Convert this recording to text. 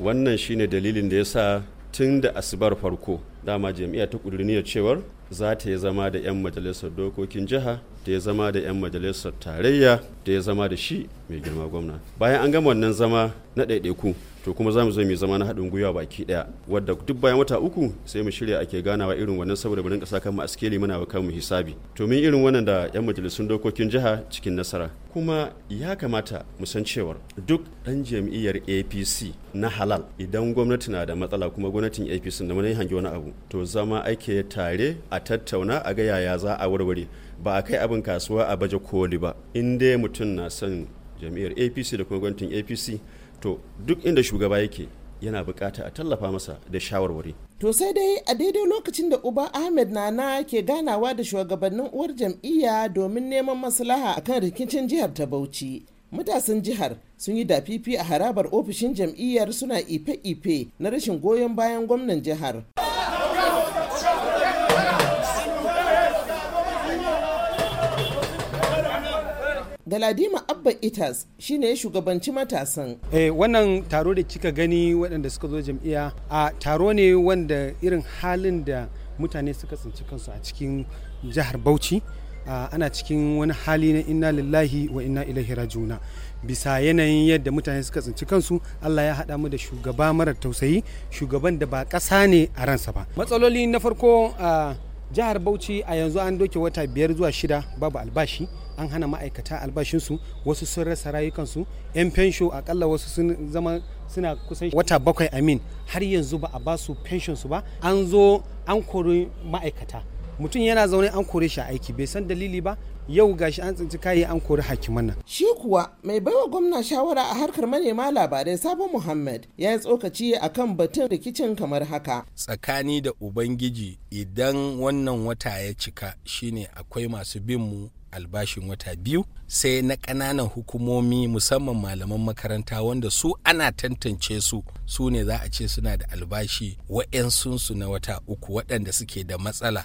wannan shine dalilin da ya sa tun da asibar farko dama jami'a ta ƙudurniyar cewar za ta yi zama da 'yan majalisar dokokin jiha da ya zama da 'yan majalisar tarayya da ya zama da shi mai girma gwamna bayan an gama wannan zama na ɗaiɗaiku to kuma za mu zo mai zama na haɗin gwiwa baki ɗaya wadda duk bayan wata uku sai mu shirya ake ganawa irin wannan saboda mu rinka kan mu askeli muna kan mu hisabi to mun irin wannan da yan majalisun dokokin jiha cikin nasara kuma ya kamata mu san cewar duk ɗan jam'iyyar APC na halal idan gwamnati na da matsala kuma gwamnatin APC na mun hangi wani abu to zama ake tare a tattauna a ga yaya za a warware ba a kai abin kasuwa a baje koli ba in dai mutum na son jam'iyyar apc da kuma gwamnatin apc to duk inda shugaba yake yana bukata a tallafa masa da shawarwari to sai dai a daidai lokacin da uba ahmed nana ke ganawa da shugabannin uwar jam'iyya domin neman maslaha akan rikicin jihar ta bauchi matasan jihar sun yi dafifi a harabar ofishin jam'iyyar suna ife-ife na rashin goyon bayan gwamnan jihar Galadima Abba Itas shine ya shugabanci matasan. Eh, wannan taro da kika gani waɗanda suka zo jam'iyya a taro ne wanda irin halin da mutane suka tsinci kansu a cikin jihar Bauchi. ana cikin wani hali na inna lillahi wa inna ilaihi rajuna bisa yanayin yadda mutane suka tsinci kansu Allah ya haɗa mu da shugaba mara tausayi shugaban da ba ƙasa ne a ransa ba matsaloli na farko a jihar Bauchi a yanzu an doke wata biyar zuwa shida babu albashi an hana ma'aikata albashinsu wasu sun rasa rayukansu 'yan fensho akalla wasu sun zama suna kusan wata bakwai amin har yanzu ba a basu fenshonsu ba an zo an kori ma'aikata mutum yana zaune an kore shi aiki bai san dalili ba yau gashi an tsinci kayi an kori hakiman nan. Shi kuwa mai baiwa gwamna shawara a harkar manema labarai Sabo Muhammad ya yi tsokaci a kan batun rikicin kamar haka. Tsakani da Ubangiji idan wannan wata ya cika shine akwai masu bin mu albashin wata biyu sai na ƙananan hukumomi musamman malaman makaranta wanda su ana tantance su su ne za a ce suna da albashi wa'yansunsu na wata uku waɗanda suke da matsala